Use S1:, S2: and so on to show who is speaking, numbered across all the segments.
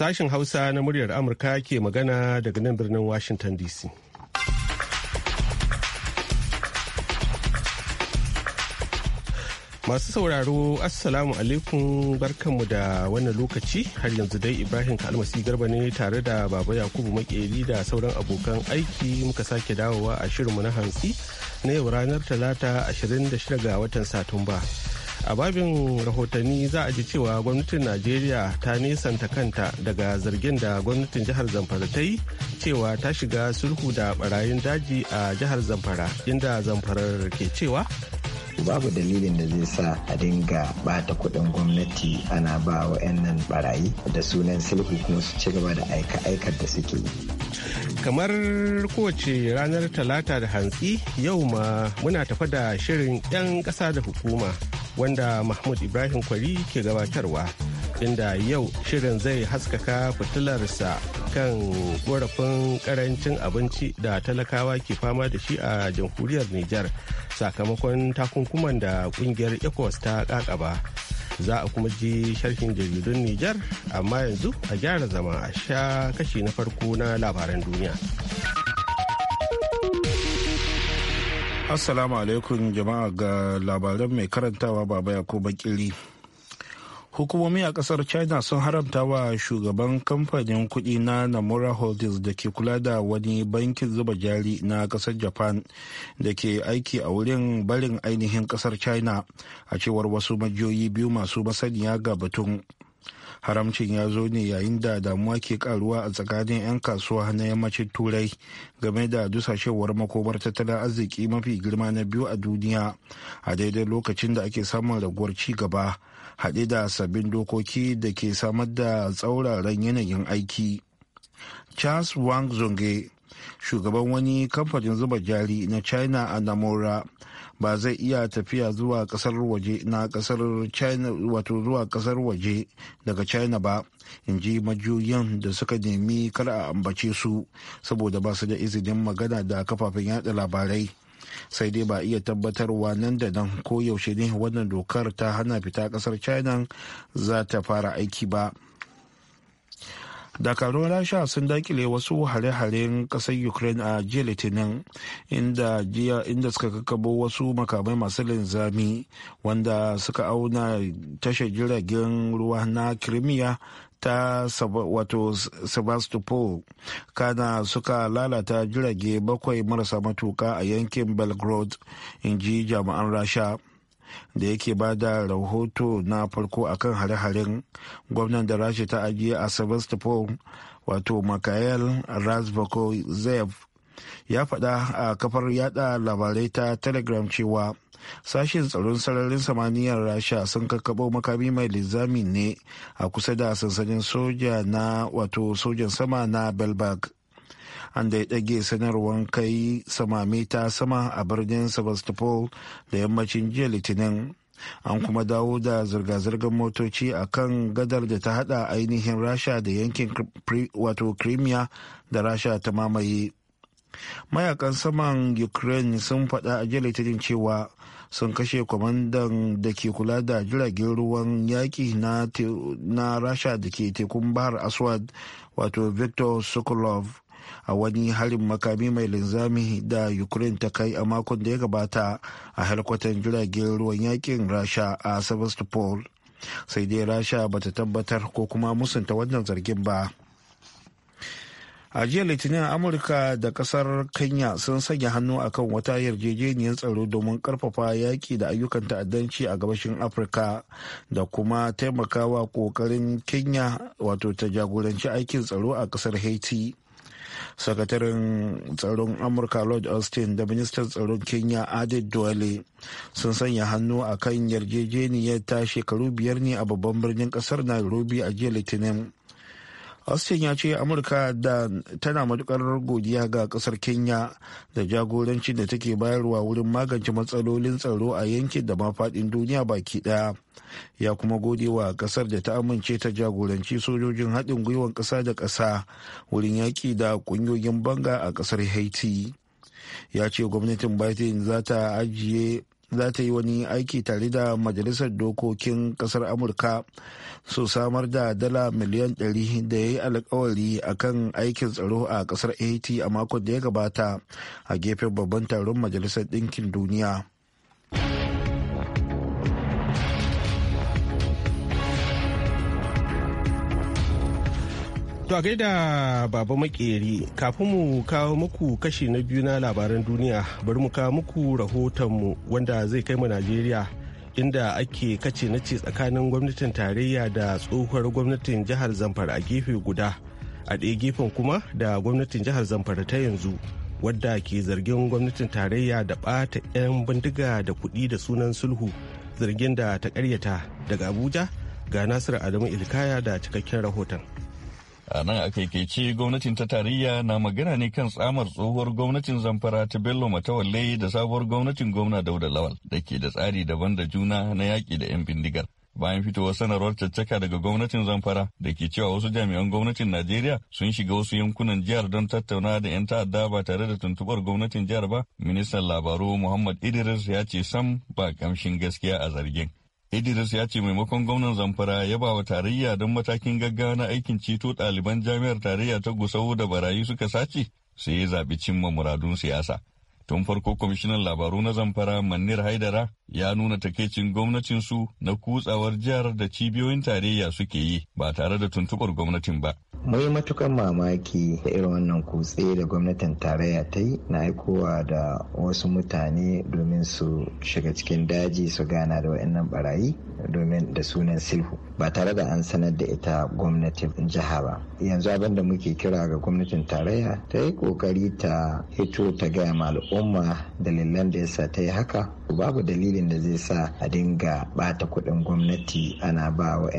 S1: Sashen Hausa na muryar Amurka ke magana daga nan birnin Washington DC. Masu sauraro Assalamu alaikum barkanmu da wannan lokaci har yanzu dai Ibrahim Kalmasi Garba ne tare da Baba Yakubu Makeri da sauran abokan aiki muka sake dawowa a shirinmu na hantsi na yau ranar Talata 26 ga watan Satumba. a babin rahotanni za a ji cewa gwamnatin najeriya ta nesanta kanta daga zargin da gwamnatin jihar zamfara ta yi cewa ta shiga sulhu da barayin daji a jihar zamfara inda zamfarar ke cewa
S2: babu dalilin da zai sa a dinga bata kudin gwamnati ana ba wa 'yan nan barayi da sunan sulhu kuma su ci gaba da aika-aikar da suke yi kamar
S1: kowace ranar talata da hantsi yau ma muna tafa da shirin 'yan ƙasa da hukuma wanda Mahmud Ibrahim Kwari ke gabatarwa. Inda yau shirin zai haskaka fitilarsa kan korafin karancin abinci da talakawa ke fama da shi a jamhuriyar Nijar sakamakon takunkuman da kungiyar ECOWAS ta kakaba. Za a kuma ji sharhin jaridun Nijar amma yanzu a gyara zama a sha kashi na farko na labaran duniya.
S3: Assalamu alaikum jama'a ga labaran mai karantawa baba ya bakiri. Hukumomi a kasar China sun haramta wa shugaban kamfanin kudi na Namura Holdings da ke kula da wani bankin zuba jari na kasar Japan da ke aiki a wurin barin ainihin kasar China a cewar wasu majiyoyi biyu masu masaniya ga batun. haramcin ya zo ne yayin da damuwa ke karuwa a tsakanin 'yan kasuwa na yammacin turai game da dusashewar makomar tattalin arziki mafi girma na biyu a duniya a daidai lokacin da ake samun raguwar ci gaba haɗe da sabbin dokoki da ke samar da tsauraran yanayin aiki charles wang zonge shugaban wani kamfanin zuba jari na china a namora ba zai iya tafiya zuwa kasar waje na kasar china wato zuwa kasar waje daga china ba in ji majiyoyin da suka nemi kar a ambace su saboda ba su da izinin magana da kafafen yada labarai sai dai ba iya tabbatarwa nan da nan ko yaushe ne wannan dokar ta hana fita kasar china za ta fara aiki ba dakarun rasha sun dakile wasu hare-haren kasar ukraine a jiya litinin inda suka kakabo wasu makamai masu linzami wanda suka auna tashar jiragen ruwa na crimea ta wato sebastopol kana suka lalata jirage bakwai marasa matuka a yankin belgrade in ji jami'an rasha da yake ba da rahoto na farko a kan hare-haren gwamnan da rasha ta ajiye a sevastopol wato mikael rasbako zev ya faɗa a kafar yada labarai ta telegram cewa sashen tsaron sararin samaniyar rasha sun kakkaɓo makami mai linzami ne a kusa da sansanin soja na wato sojan sama na belbag an da ya ɗage sanarwar kai sama ta sama a birnin sebastopol da yammacin jiya litinin an kuma dawo da zirga-zirgar motoci a kan gadar da ta hada ainihin rasha da yankin wato crimea da rasha ta mamaye mayakan saman ukraine sun faɗa a jiya litinin cewa sun kashe kwamandan da ke kula da jiragen ruwan yaƙi na rasha da ke tekun bahar aswad wato victor sokolov a wani harin makami mai linzami da ukraine ta kai a makon da ya gabata a harkwatan jiragen ruwan yakin rasha a sevastopol sai dai rasha bata tabbatar ko kuma musunta wannan zargin ba a jiya litinin amurka da kasar kenya sun sanya hannu akan wata yarjejeniyar tsaro domin karfafa yaƙi da ayyukan ta'addanci a gabashin afirka da kuma taimakawa kokarin kenya wato ta jagoranci aikin tsaro a kasar haiti sakataren tsaron amurka lord austin da ministan tsaron kenya adid duwale sun sanya hannu a kan yarjejeniyar ta shekaru biyar ne a babban birnin kasar nairobi a jiya litinin austin ya ce amurka da tana matukar godiya ga kasar kenya da jagorancin da take bayarwa wurin magance matsalolin tsaro a yankin da ma faɗin duniya baki ɗaya ya kuma gode wa kasar da ta amince ta jagoranci sojojin haɗin gwiwar ƙasa da ƙasa wurin yaƙi da ƙungiyoyin banga a ƙasar haiti ya ce gwamnatin biden za ta ajiye za ta yi wani aiki tare da majalisar dokokin kasar amurka su samar da dala miliyan 100 da ya yi alkawari a kan aikin tsaro a kasar haiti a makon da ya gabata a gefen babban taron majalisar ɗinkin duniya
S1: To a gaida baba makeri kafin mu kawo muku kashi na biyu na labaran duniya bari mu kawo muku rahotonmu wanda zai kai mu Najeriya inda ake kace na ce tsakanin gwamnatin tarayya da tsohuwar gwamnatin jihar Zamfara a gefe guda a ɗaya gefen kuma da gwamnatin jihar Zamfara ta yanzu wadda ke zargin gwamnatin tarayya da ɓata 'yan bindiga da kuɗi da sunan sulhu zargin da ta ƙaryata daga Abuja ga Nasiru Adamu Ilkaya da
S4: cikakken rahoton. a nan a kaikaice gwamnatin ta tarayya na magana ne kan tsamar tsohuwar gwamnatin zamfara ta bello matawalle da sabuwar gwamnatin gwamna dauda lawal da ke da tsari daban da juna na yaƙi da 'yan bindigar bayan fitowar sanarwar caccaka daga gwamnatin zamfara da ke cewa wasu jami'an gwamnatin najeriya sun shiga wasu yankunan jihar don tattauna da 'yan ta'adda ba tare da tuntubar gwamnatin jihar ba ministan labaru muhammad idris ya ce sam ba kamshin gaskiya a zargin Idris ya ce maimakon gwamnan Zamfara ya ba wa tarayya don matakin gaggawa na aikin ceto ɗaliban jami'ar tarayya ta Gusau da barayi suka sace sai ya zaɓi cimma muradun siyasa. Tun farko kwamishinan labaru na Zamfara Manir Haidara ya nuna takeicin gwamnatinsu na kutsawar jihar da cibiyoyin tarayya suke yi ba tare da tuntuɓar gwamnatin ba.
S2: mai matukan mamaki da irin wannan kutse da gwamnatin tarayya ta yi na aikowa da wasu mutane domin su shiga cikin daji su gana da wa'annan barayi domin da sunan silhu ba tare da an sanar da ita gwamnatin jiha ba yanzu abinda muke kira ga gwamnatin tarayya ta yi kokari ta hito ta gaya ma al'umma dalilan da yasa ta yi haka babu dalilin da zai sa a dinga bata kuɗin gwamnati ana ba wa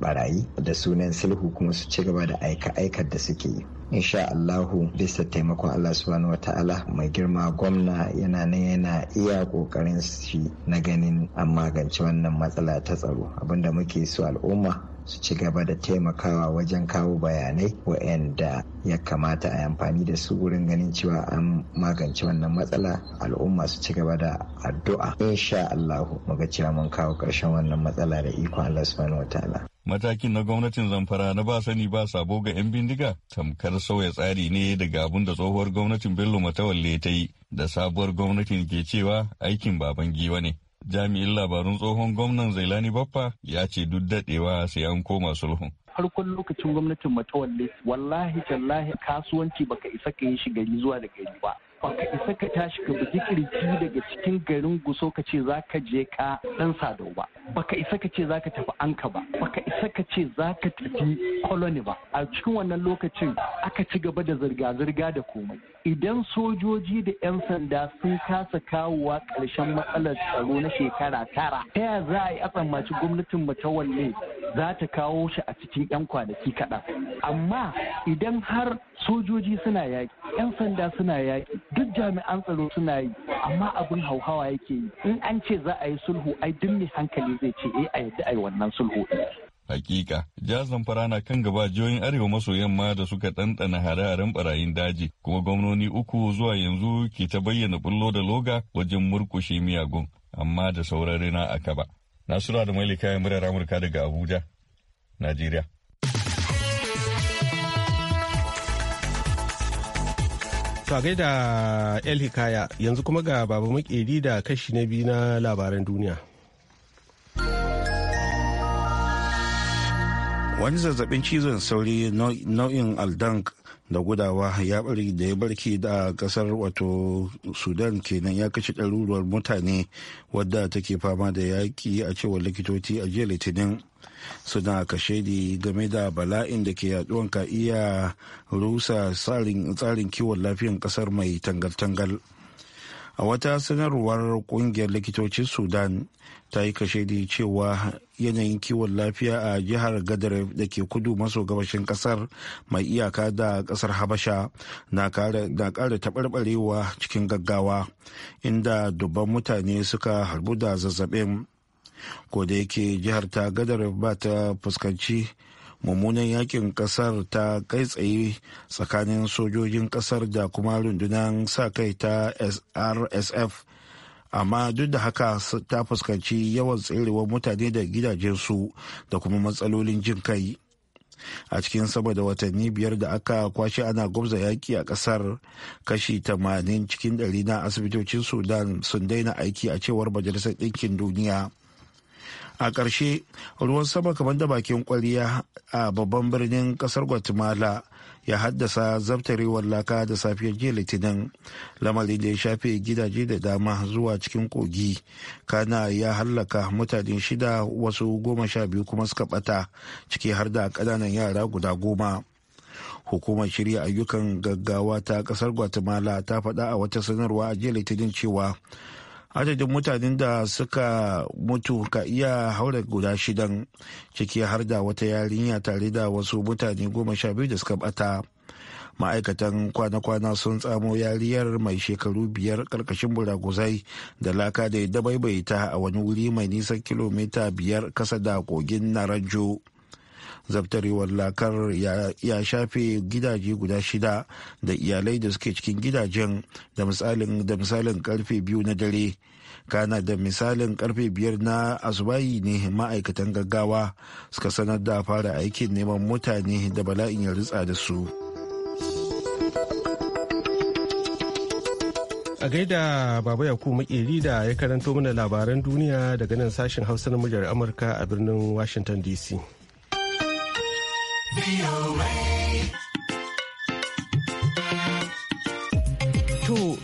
S2: barayi da sunan sulhu kuma su ci gaba da aika aikar da suke yi insha Allahu bisa taimakon Allah subhanahu ta'ala mai girma gwamna yana nan yana iya kokarin shi na ganin an magance wannan matsala ta tsaro abinda muke so al'umma su ci gaba da taimakawa wajen kawo bayanai wa'anda ya kamata a amfani da su wurin ganin cewa an magance wannan matsala al'umma su ci gaba da addu'a In insha Allahu muga cewa mun kawo ƙarshen wannan matsala da ikon Allah subhanahu ta'ala
S4: Matakin na gwamnatin Zamfara na ba sani ba sabo ga 'yan bindiga tamkar sauya tsari ne daga abin da tsohuwar gwamnatin Bello Matawalle ta yi da sabuwar gwamnatin ke cewa aikin baban giwa ne. Jami'in labarun tsohon gwamnan Zailani Baffa ya ce duk daɗewa sai an koma sulhun.
S5: farkon lokacin gwamnatin matawalle wallahi tallahi kasuwanci baka isa ka yi shi gari zuwa da gari ba ka isa ka tashi ka bugi kirji daga cikin garin guso ka ce za ka je ka dan sadau ba baka isa ka ce za ka tafi anka ba baka isa ka ce za ka tafi koloni ba a cikin wannan lokacin aka ci gaba da zirga-zirga da komai idan sojoji da 'yan sanda sun kasa kawowa ƙarshen matsalar tsaro na shekara tara ta yaya za a yi a tsammaci gwamnatin matawalle za ta kawo shi a cikin 'yan kwanaki kaɗan amma idan har sojoji suna yaƙi 'yan sanda suna yaƙi duk jami'an tsaro suna yi amma abin hauhawa yake yi in an ce za a yi sulhu ai duk mai hankali zai ce eh a yadda a yi wannan sulhu
S4: Hakika, jihar Zamfara na kan gaba jihohin Arewa maso yamma da suka ɗanɗana hare-haren barayin daji, kuma gwamnoni uku zuwa yanzu ke ta bayyana bullo da loga wajen murkushe miyagun, amma da saurari na aka ba. Nasura da mailika ya murar Amurka daga Abuja, Najeriya.
S1: To a gaida El Hikaya yanzu kuma ga baba makeri da kashi na biyu na labaran
S3: duniya. Wani zazzabin cizon sauri nau'in aldank da gudawa ya bari da ya barki da kasar wato sudan kenan ya kashe ɗaruruwar mutane wadda take fama da yaƙi a cewar likitoci a jiya litinin suna kashe kashedi game da bala'in da ke yaduwan ka iya rusa tsarin kiwon lafiyan kasar mai tangal-tangal. a wata sanarwar kungiyar likitocin sudan ta yi kashedi cewa yanayin kiwon lafiya a jihar gadar da ke kudu maso gabashin kasar mai iyaka da kasar habasha na kara taɓarɓarewa cikin gaggawa inda dubban mutane suka harbu da zazzabin ko da yake jihar ta gadar ba ta fuskanci mummunan yakin kasar ta kai tsaye tsakanin sojojin kasar da kuma rundunar sa kai ta rsf amma duk da haka ta fuskanci yawan tserewar mutane da gidajensu da kuma matsalolin jin kai a cikin sama da watanni biyar da aka kwashe ana gwamza yaƙi a ƙasar kashi 80 cikin 100 na asibitocin sudan sun daina aiki a cewar majalisar ɗinkin duniya a ƙarshe ruwan sama kamar da bakin kwariya a babban birnin ƙasar guatemala ya haddasa zabtarewar laka da safiyar jiya litinin lamarin da ya shafe gidaje da dama zuwa cikin kogi kana ya hallaka mutane shida wasu goma sha biyu kuma suka bata ciki har da ƙananan yara guda goma hukumar shirya ayyukan gaggawa ta ƙasar guatemala ta faɗa a wata sanarwa a jiya litinin cewa adadin mutanen da suka mutu ka iya haura guda shidan ciki har da wata yarinya tare da wasu mutane goma sha biyu da suka bata ma'aikatan kwana-kwana sun tsamo yariyar mai shekaru biyar karkashin buraguzai da laka da ya dabaibaita a wani wuri mai nisan kilomita biyar kasa da kogin naranjo zaftarewar lakar ya shafe gidaje guda shida da iyalai da suke cikin gidajen da misalin da misalin karfe biyu na dare kana da misalin karfe biyar na asubayi ne ma'aikatan gaggawa suka sanar da fara aikin neman mutane da bala'in ya ritsa da su
S1: a gaida baba yaku makeri da ya karanto mana labaran duniya daga nan sashen hausa na muryar amurka a birnin washington dc To,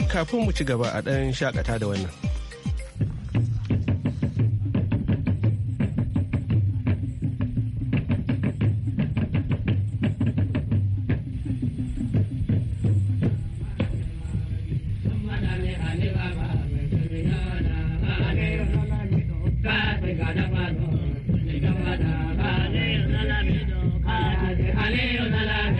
S1: kafin mu ci gaba a ɗan shakata da wannan.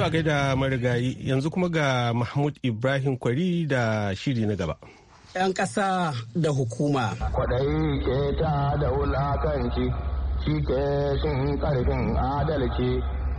S1: To a da marigayi yanzu kuma ga Mahmud Ibrahim Kwari da shiri na gaba.
S6: 'Yan ƙasa da hukuma. Kwaɗayi ke ta da wulakanci, shi ke sun karfin adalci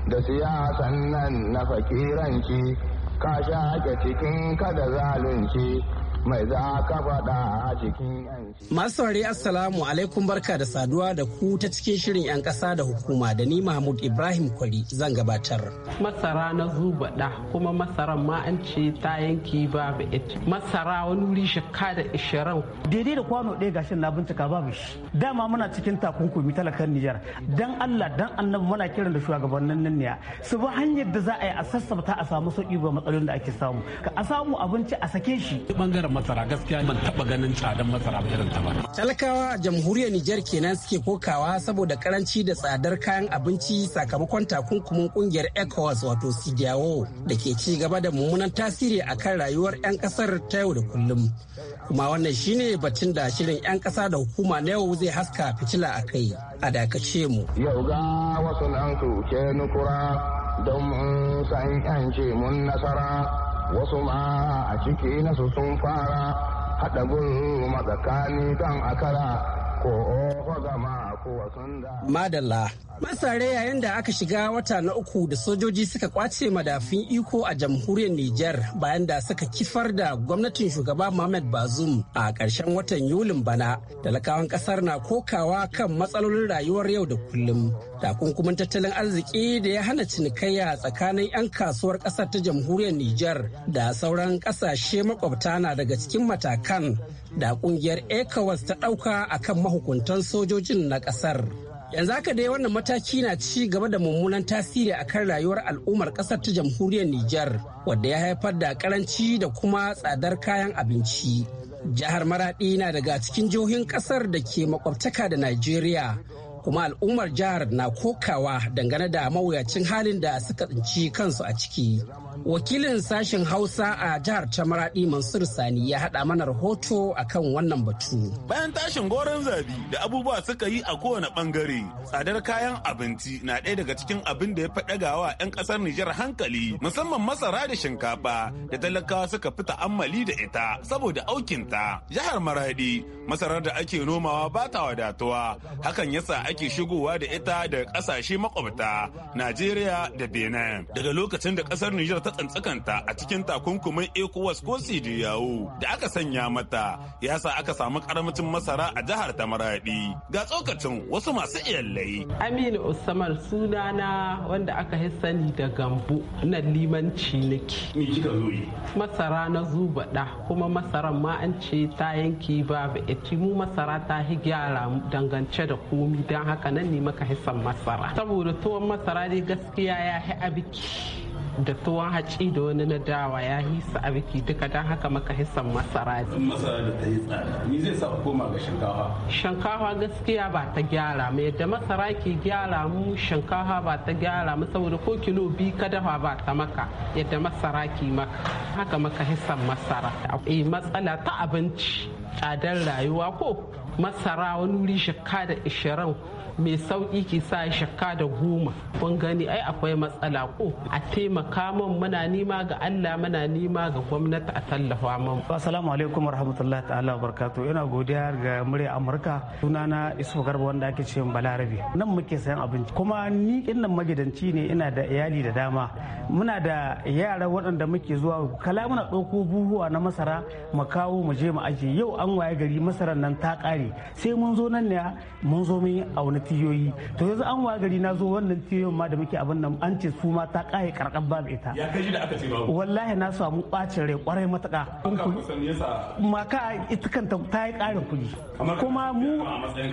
S6: da siyasan nan na fakiranci, ka shaƙe cikin kada zalunci. mai za ka faɗa a cikin
S7: Masu saurari Assalamu alaikum barka da saduwa da ku ta cikin shirin 'yan ƙasa da hukuma da ni Mahmud Ibrahim Kwari zan gabatar. Masara na zubaɗa kuma masara ma ce ta yanki babu
S8: ita. Masara wani wuri shakka da ishirin. Daidai da kwano ɗaya gashin na bincika babu shi. Dama muna cikin takunkumi talakan Nijar. Dan Allah dan annabi muna kiran da shugabannin nan ne. Su ba hanyar da za a yi a sassabta a samu sauƙi ba matsalolin da ake samu. Ka a samu abinci a
S9: sake shi. Bangaren masara gaskiya ban taba ganin tsadar masara ba irin ta ba.
S8: Talakawa a jamhuriyar
S7: Nijar kenan suke kokawa saboda karanci da tsadar kayan abinci sakamakon takunkumin kungiyar ECOWAS wato CDAO da ke ci gaba da mummunan tasiri akan rayuwar 'yan kasar ta yau da kullum. Kuma wannan shine batun da shirin 'yan kasa da hukuma na yau zai haska fitila a kai a dakace mu.
S6: Yau ga wasu nan su ke nukura don mun san ce mun nasara wasu ma a ciki nasu sun fara haɗa gulu matsakani kan akara
S7: Madalla. Masare yayin da aka shiga wata na uku da sojoji suka kwace madafin iko a jamhuriyar Nijar bayan da suka kifar da gwamnatin shugaba Mohamed Bazoum a ƙarshen watan Yulin bana. Talakawan ƙasar na kokawa kan matsalolin rayuwar yau da kullum. Takunkumin tattalin arziki da ya hana cinikayya tsakanin 'yan kasuwar ƙasar ta jamhuriyar Nijar da sauran ƙasashe makwabta na daga cikin matakan da kungiyar ecowas ta ɗauka akan mahukuntan sojojin na ƙasar yanzu haka dai wannan mataki na ci gaba da mummunan tasiri akan rayuwar al'ummar ƙasar ta jamhuriyar Nijar, wadda ya haifar da karanci da kuma tsadar kayan abinci jihar maradi na daga cikin jihohin ƙasar da ke makwabtaka da najeriya kuma al'ummar jihar na kokawa dangane da mawuyacin halin da suka tsinci kansu a ciki wakilin sashen hausa a jihar tamaradi mansur sani ya haɗa mana rahoto a kan wannan batu
S9: bayan tashin goron zabi da abubuwa suka yi a kowane bangare tsadar kayan abinci na ɗaya daga cikin abin da ya faɗa gawa 'yan ƙasar nijar hankali musamman masara da shinkafa da talakawa suka fi ta'ammali da ita saboda aukinta jihar maradi masarar da ake nomawa ba ta wadatuwa hakan yasa ake shigowa da ita da kasashe makwabta Najeriya da Benin. Daga lokacin da kasar Nijar ta tsantsakanta a cikin takunkumin ECOWAS ko CDAO da aka sanya mata ya sa aka samu karamcin masara a jihar ta Maradi. Ga tsokacin wasu masu iyalai.
S10: Aminu Usman sunana wanda aka yi da gambo na limanci nake. Masara na zubaɗa kuma masaran ma an ce ta yanke babu etimu masara ta hi dangance da komi da don haka nan ne maka hissan masara saboda tuwon masara dai gaskiya
S9: ya hi abiki
S10: da tuwon haci da wani na dawa ya hisa su abiki duka don haka maka hisan masara ne. masara da ta yi
S9: tsada, ni zai sa koma ga shinkafa?
S10: Shinkafa gaskiya ba ta gyara mu yadda masara ke gyara mu shinkafa ba ta gyara mu saboda ko kilo bi ka dafa ba ta maka yadda masara ke maka haka maka hisan masara. E matsala ta abinci tsadar rayuwa ko masara wani wuri shekara da ishirin mai sauki ke sa shakka da goma kun gani ai akwai matsala ko a taimaka min muna nima ga Allah muna nima ga gwamnati a tallafa
S8: min assalamu alaikum warahmatullahi ta'ala wabarakatuh ina godiya ga murya Amurka sunana Isu Garba wanda ake ce balarabi nan muke sayan abinci kuma ni innan magidanci ne ina da iyali da dama muna da yara waɗanda muke zuwa kala muna ɗauko buhuwa na masara mu kawo mu je mu ajiye yau an waye gari masarar nan ta ƙare sai mun zo nan ne mun zo mun yi tiyoyi to yanzu an wa gari na zo wannan tiyoyin ma da muke abin nan an ce su ma ta kaye karkan babu ita ya kai da wallahi na samu bacin rai kwarai mataka maka ita kanta ta yi karin kuɗi kuma mu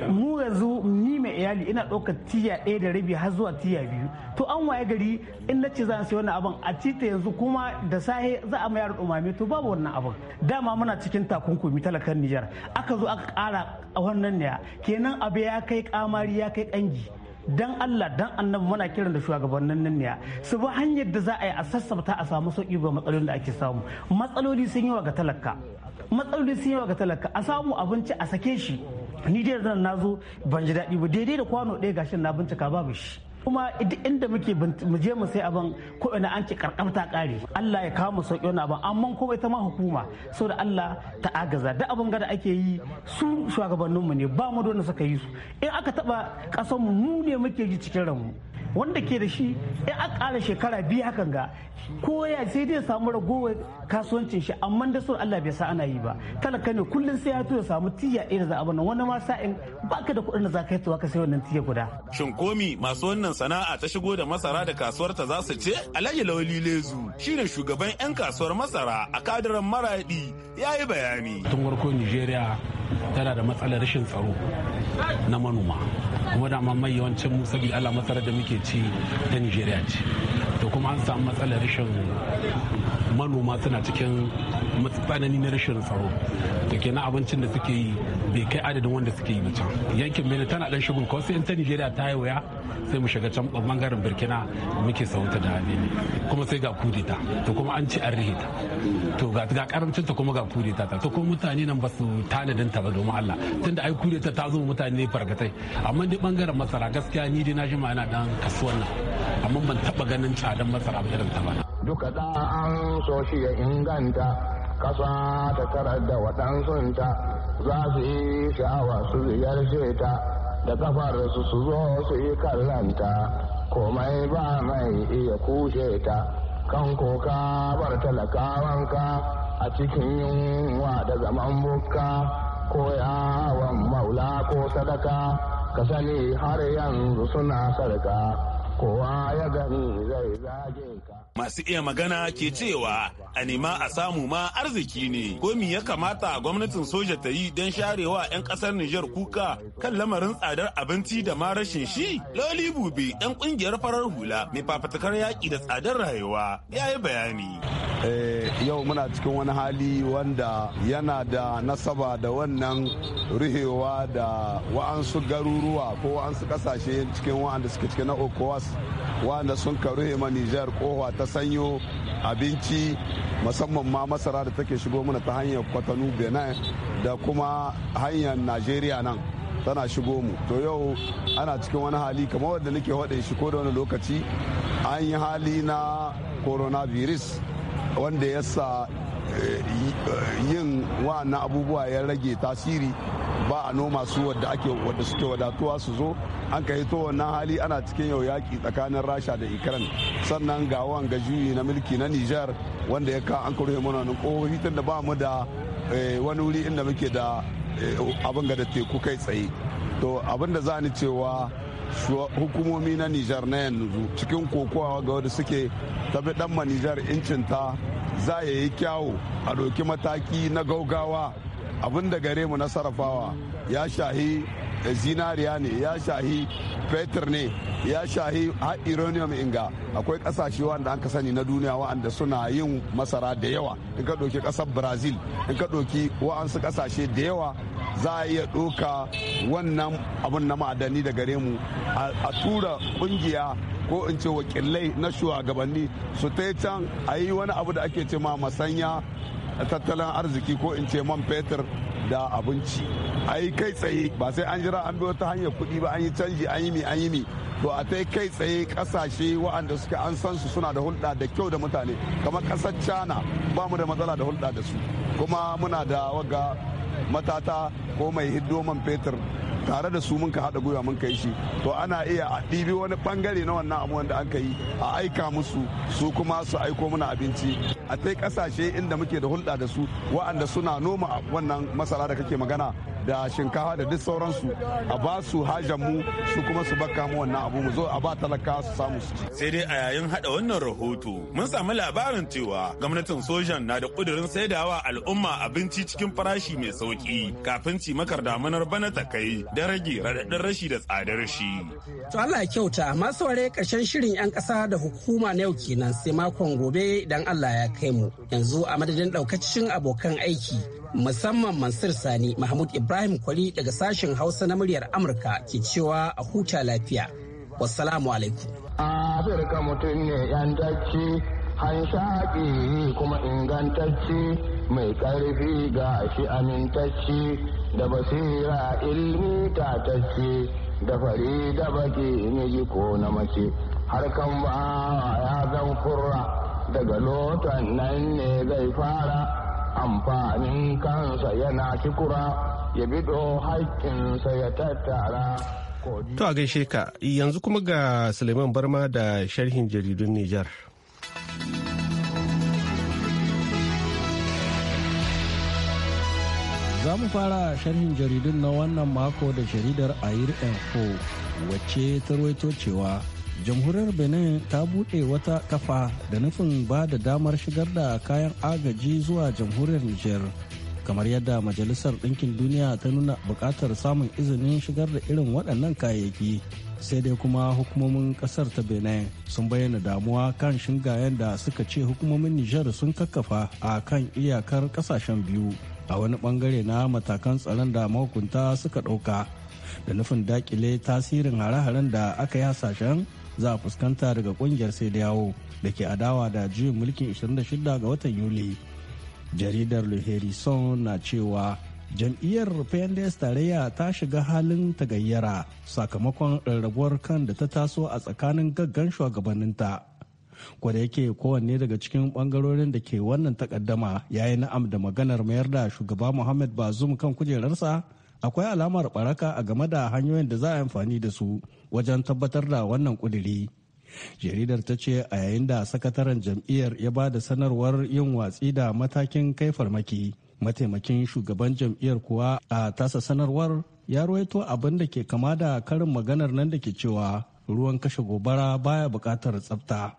S8: mu yanzu ni mai iyali ina ɗaukar tiya ɗaya da rabi har zuwa tiya biyu to an waye gari in na ce za a sayi wannan abin a cita yanzu kuma da sahe za a mayar umami to babu wannan abin dama muna cikin takunkumi talakan Nijar aka zo aka ƙara a wannan ne kenan abu ya kai kamari ya kai kangi dan Allah dan annabi muna kiran da shugabannin nan ne su bi hanyar da za a yi a sassabta a samu sauki ga matsalolin da ake samu matsaloli sun yi wa ga talaka matsaloli sun yi wa ga talaka a samu abinci a sake shi ni dai zan na zo ban ji daɗi ba daidai da kwano ɗaya gashin na bincika babu shi kuma inda muke mu je mu sai abin ko ina an ce karkamta kare Allah ya kawo mu sauki na abin amma kuma ita ma hukuma saboda Allah ta agaza da abin gada ake yi su shugabanninmu ne ba mu da suka yi su in aka taba kasan mu ne muke ji cikin ranmu wanda ke da shi ya a shekara biyu hakan ga ko ya sai dai samu ragowar kasuwancin shi amma da so Allah bai sa ana yi ba talaka ne kullun sai ya to ya samu tiya ɗaya za a wani ma sa'in baka da kuɗin da za ka yi ka sai wannan tiya guda.
S9: Shin komi masu wannan sana'a ta shigo da masara da kasuwar ta za su ce Alhaji Lawali Lezu shine shugaban 'yan kasuwar masara a kadaran maraɗi ya yi bayani. Tun warko Nigeria tana da matsalar rashin tsaro na manoma kuma da mai yawancin mu ala masara da muke ci ta nigeria ce to kuma an samu matsalar rashin manoma suna cikin tsanani na rashin tsaro da na abincin da suke yi bai kai adadin wanda suke yi ba can yankin mai tana dan shigun kawai sai ta nigeria ta yi waya sai mu shiga can bangaren burkina muke sauta da abin kuma sai ga kudeta to kuma an ci an to ga karancin ta kuma ga kudeta ta to kuma mutane nan ba su tanadin ta ba domin Allah tunda ai kudeta ta zo mutane fargatai amma dai bangaren masara gaskiya ni dai na shi yana dan kasuwan nan amma ban taba ganin tsadan masara ba irin ta ba
S6: duka da an so shi ya inganta kasa ta tarar da waɗansunta za su yi sha'awa su ziyarce ta da kafarsu su zo su yi kallanta komai ba mai iya kushe ta kan koka bar talakawanka a cikin yunwa da zaman bukka ko yawon maula ko sadaka ka sani har yanzu suna sarka kowa ya gani zai zage ka
S9: masu iya magana ke cewa a nema a samu ma arziki ne ko mi ya kamata gwamnatin soja ta yi don sharewa 'yan kasar Nijar kuka kan lamarin tsadar abinci da ma rashin shi loli bube 'yan kungiyar farar hula mai fafatakar yaƙi da tsadar rayuwa
S11: ya yi bayani Eh, yau muna cikin wani hali wanda yana da nasaba da wannan ruhewa da wa'ansu garuruwa ko wa'ansu kasashe cikin wa'anda suke cikin na okowas wa'anda sun ka ruhe ma nijar kowa ta sanyo abinci musamman ma masara da take shigo mana ta hanyar kwatanu benin da kuma hanyar najeriya nan tana shigo mu to yau ana cikin wani hali kamar wadda nake haɗe shi ko da wani lokaci an yi hali na coronavirus wanda ya sa eh, yin wa'annan abubuwa ya rage tasiri ba a noma su wadda ake wadda suke wadatuwa su zo an kai to wannan hali ana cikin yau yaƙi tsakanin rasha da ikran sannan ga wanga juyi na mulki na niger wanda ya ka an kurhe mana wani hitar da ba mu da eh, wani wuri inda muke da eh, abin ga da teku kai tsaye to abin da za ni cewa hukumomi na nijar na yanzu cikin kokowa ga wadda suke tafi dan ma nijar incinta za ya yi kyawu a ɗauki mataki na gaugawa abin da gare mu na sarrafawa ya shahi zinariya ne ya shahi fetur ne ya shahi har uranium inga akwai kasashe wanda an sani na duniya wa'anda suna yin masara da yawa in ka doki kasar brazil in ka doki wa'ansu kasashe da yawa za a iya doka wannan abin na ma'adani da gare mu a tura kungiya ko in ce wakilai na shugabanni su ta can a yi wani abu da ake ce ma masanya tattalin arziki ko in ce man fetur da abinci ai kai tsaye ba sai an jira an wata hanyar kuɗi ba an yi canji an yi mi an yi mi to a tai kai tsaye kasashe waɗanda suke an san su suna da hulɗa da kyau da mutane kamar ƙasar cana ba mu da matsala da hulɗa da su kuma muna da waga matata ko mai hiddo fetur tare da su mun ka haɗa gwiwa mun kai shi to ana iya a ɗibi wani bangare na wannan abu wanda an yi a aika musu su kuma su aiko mana abinci a kai ƙasashe inda muke da hulɗa da su wa'anda suna noma wannan masara da kake magana da shinkafa da duk sauransu a ba su hajan mu su kuma su baka mu wannan abu mu zo a ba talaka su samu su
S9: sai dai a yayin hada wannan rahoto mun samu labarin cewa gwamnatin sojan na da kudirin saidawa al'umma abinci cikin farashi mai sauki kafin ci cimakar damunar bana ta kai da rage rashi da tsadar shi.
S7: To Allah ya kyauta masu ware ƙarshen shirin 'yan ƙasa da hukuma na yau kenan sai makon gobe idan Allah ya kai mu yanzu a madadin ɗaukacin abokan aiki musamman Mansur Sani Mahmud Ibrahim Ibrahim Kwari daga sashen Hausa na muryar Amurka ke cewa a huta lafiya. Wassalamu alaikum.
S6: Afirka mutum ne yantacci, hanshaƙi kuma ingantacci, mai ƙarfi ga shi amintacci, da basira ilmi tatacci, da fari da baki ne ko na mace, harkan ba ya zan kurra, daga lotan nan ne zai fara. amfanin kansa yana kikura ya bido sa ya tattara.
S1: To a gaishe ka yanzu kuma ga Suleiman Barma da sharhin jaridun Nijar.
S5: Za mu fara sharhin jaridun na wannan mako da jaridar Ayir Info wacce ta ruwaito cewa jamhuriyar benin ta buɗe wata kafa da nufin ba da damar shigar da kayan agaji zuwa jamhuriyar niger kamar yadda majalisar ɗinkin duniya ta nuna buƙatar samun izinin shigar da irin waɗannan kayayyaki sai dai kuma hukumomin ƙasar ta benin sun bayyana damuwa kan shingayen da suka ce hukumomin nijar sun kakkafa a kan iyakar ƙasashen biyu a wani bangare na matakan tsaron da mahukunta suka ɗauka da nufin dakile tasirin hare-haren da aka yi hasashen za a fuskanta daga ƙungiyar sai yawo da ke adawa da juyin mulkin 26 ga watan yuli jaridar luheri son na cewa jam'iyyar pnds tarayya ta shiga halin tagayyara sakamakon rarrabuwar kan da ta taso a tsakanin gaggan shugabanninta kwada yake kowanne daga cikin bangarorin da ke wannan takaddama yayi yi na'am da maganar mayar da shugaba muhammad bazum kan kujerarsa akwai alamar baraka a game da hanyoyin da za a amfani da su wajen tabbatar da wannan kuduri jaridar ta ce a yayin da sakataren jam'iyyar ya ba da sanarwar yin watsi da matakin kai farmaki mataimakin shugaban jam'iyyar kuwa a tasa sanarwar ya ruwaito abin da ke kama da karin maganar nan da ke cewa ruwan kashe gobara baya buƙatar tsafta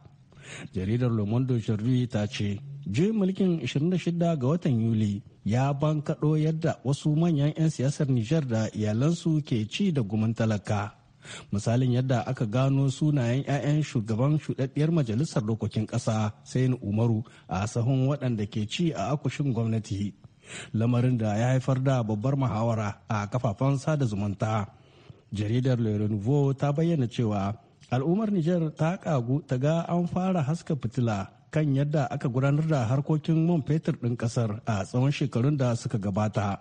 S5: jaridar le monde ta ce juyin mulkin 26 ga watan yuli ya bankaɗo yadda wasu manyan 'yan siyasar nijar da iyalansu ke ci da gumin talaka misalin yadda aka gano sunayen 'ya'yan shugaban shuɗaɗɗiyar majalisar dokokin ƙasa sayin umaru a sahun waɗanda ke ci a akushin gwamnati lamarin da ya haifar da babbar muhawara a kafafen sada zumunta jaridar le renouveau ta bayyana cewa al'ummar niger ta kagu ta ga an fara haska fitila kan yadda aka gudanar da harkokin man fetur ɗin ƙasar a tsawon shekarun da suka gabata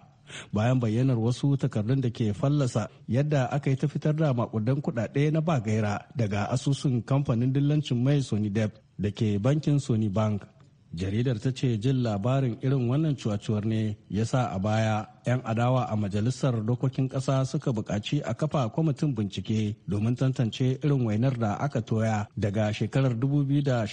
S5: bayan bayyanar wasu takardun da ke fallasa yadda aka yi ta fitar da makudan kuɗaɗe na ba gaira daga asusun kamfanin dillancin mai sony dep da ke bankin sony bank jaridar ta ce jin labarin irin wannan cuwacuwar ne ya sa a baya 'yan adawa a majalisar dokokin ƙasa suka buƙaci a kafa kwamitin bincike domin tantance irin wainar da aka toya daga shekarar 2011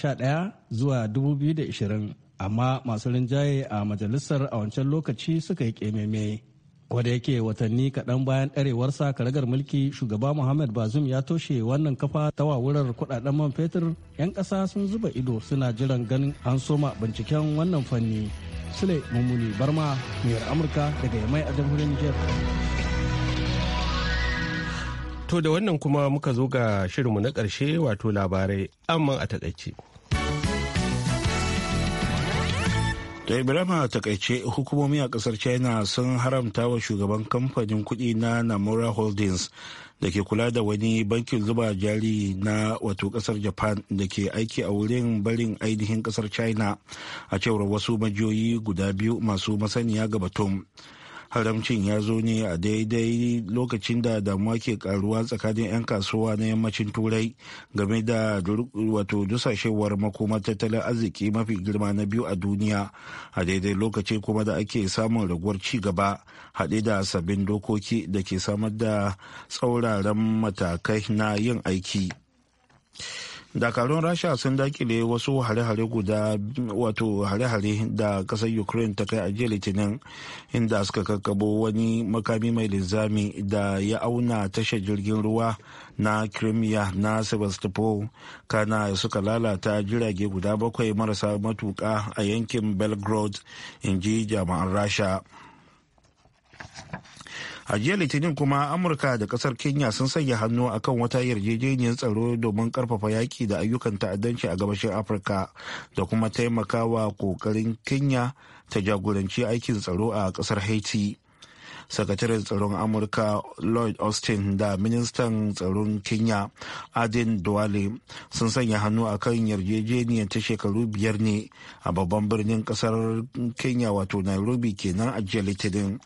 S5: zuwa 2020 amma masu rinjaye a majalisar a wancan lokaci suka yi kememe da yake watanni kaɗan bayan ɗarewarsa karagar mulki shugaba muhammad bazum ya toshe wannan kafa ta wawurar kuɗaɗen man fetur 'yan ƙasa sun zuba ido suna jiran ganin an soma binciken wannan fanni sule mummuni barma miyar amurka daga yamai a jamhuriyar niger
S1: to da wannan kuma muka zo ga shirinmu na ƙarshe wato labarai amma a taƙaice
S3: da eh, ibrahima takaice hukumomi a kasar china sun haramta wa shugaban kamfanin kudi na namura holdings da ke kula da wani bankin zuba jari na wato kasar japan da ke aiki a wurin barin ainihin kasar china a cewar wasu majiyoyi guda biyu masu masaniya ga batun haramcin ya zo ne a daidai lokacin da damuwa ke karuwa tsakanin 'yan kasuwa na yammacin turai game da wato dusashewar makomar tattalin arziki mafi girma na biyu a duniya a daidai lokacin kuma da ake samun raguwar ci gaba haɗe da sabbin dokoki da ke samar da tsauraran matakai na yin aiki. dakarun rasha sun dakile wasu hare-hare guda wato hare-hare da kasar ukraine ta kai a jiya litinin inda suka kakkabo wani makami mai linzami da ya auna tashar jirgin ruwa na crimea na sebastopol kana suka lalata jirage guda bakwai marasa matuka a yankin belgrade in ji jami'an rasha a jiya litinin kuma amurka da kasar kenya sun sanya hannu akan wata yarjejeniyar tsaro domin karfafa yaki da ayyukan ta'addanci a gabashin afirka da kuma taimakawa kokarin kenya ta jagoranci aikin tsaro a kasar haiti sakataren tsaron amurka lloyd austin da ministan tsaron kenya adin duwale sun sanya hannu a kan yarjejeniyar ta shekaru biyar ne a babban birnin kasar kenya wato nairobi kenan a jiya litinin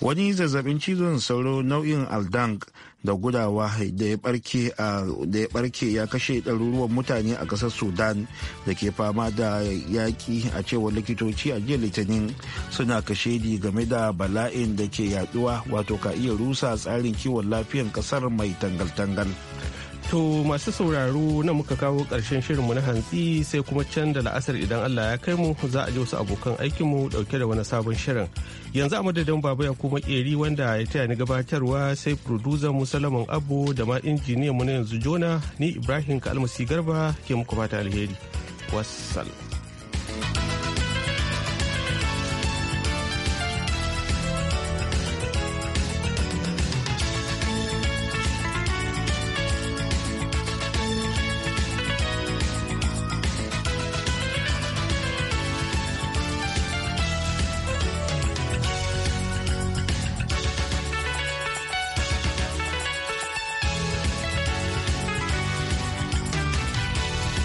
S3: wani zazzabin cizon sauro nau'in aldang da gudawa da ya barke ya kashe ɗaruruwan mutane a ƙasar sudan da ke fama da yaƙi a cewar likitoci a jiya litinin suna kashe di game da bala'in da ke yaduwa wato ka iya rusa tsarin kiwon lafiyan ƙasar mai tangal-tangal.
S1: To masu sauraro na muka kawo ƙarshen shirinmu na hantsi sai kuma can da la'asar idan Allah ya kai mu za a ji wasu abokan aikinmu ɗauke da wani sabon shirin. Yanzu a madadin baba ya kuma ƙeri wanda ya taya ni gabatarwa sai producer mu abu da ma injiniyan mu na yanzu Jona ni Ibrahim Kalmasi Garba ke muku fata alheri. Wassalam.